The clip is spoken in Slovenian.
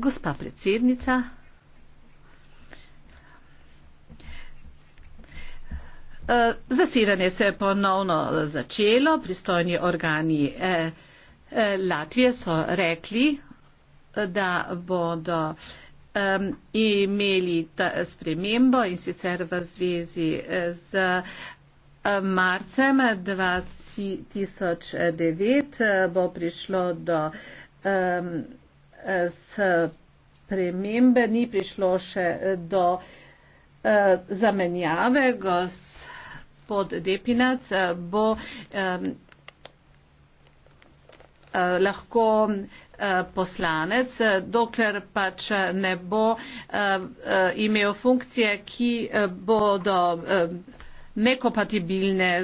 Gospa predsednica, eh, zasedanje se je ponovno začelo, pristojni organi eh, eh, Latvije so rekli, da bodo imeli ta spremembo in sicer v zvezi z marcem 2009 bo prišlo do spremembe, ni prišlo še eh, do eh, zamenjave. Gospod Depinac eh, bo lahko poslanec, dokler pač ne bo imel funkcije, ki bodo nekompatibilne.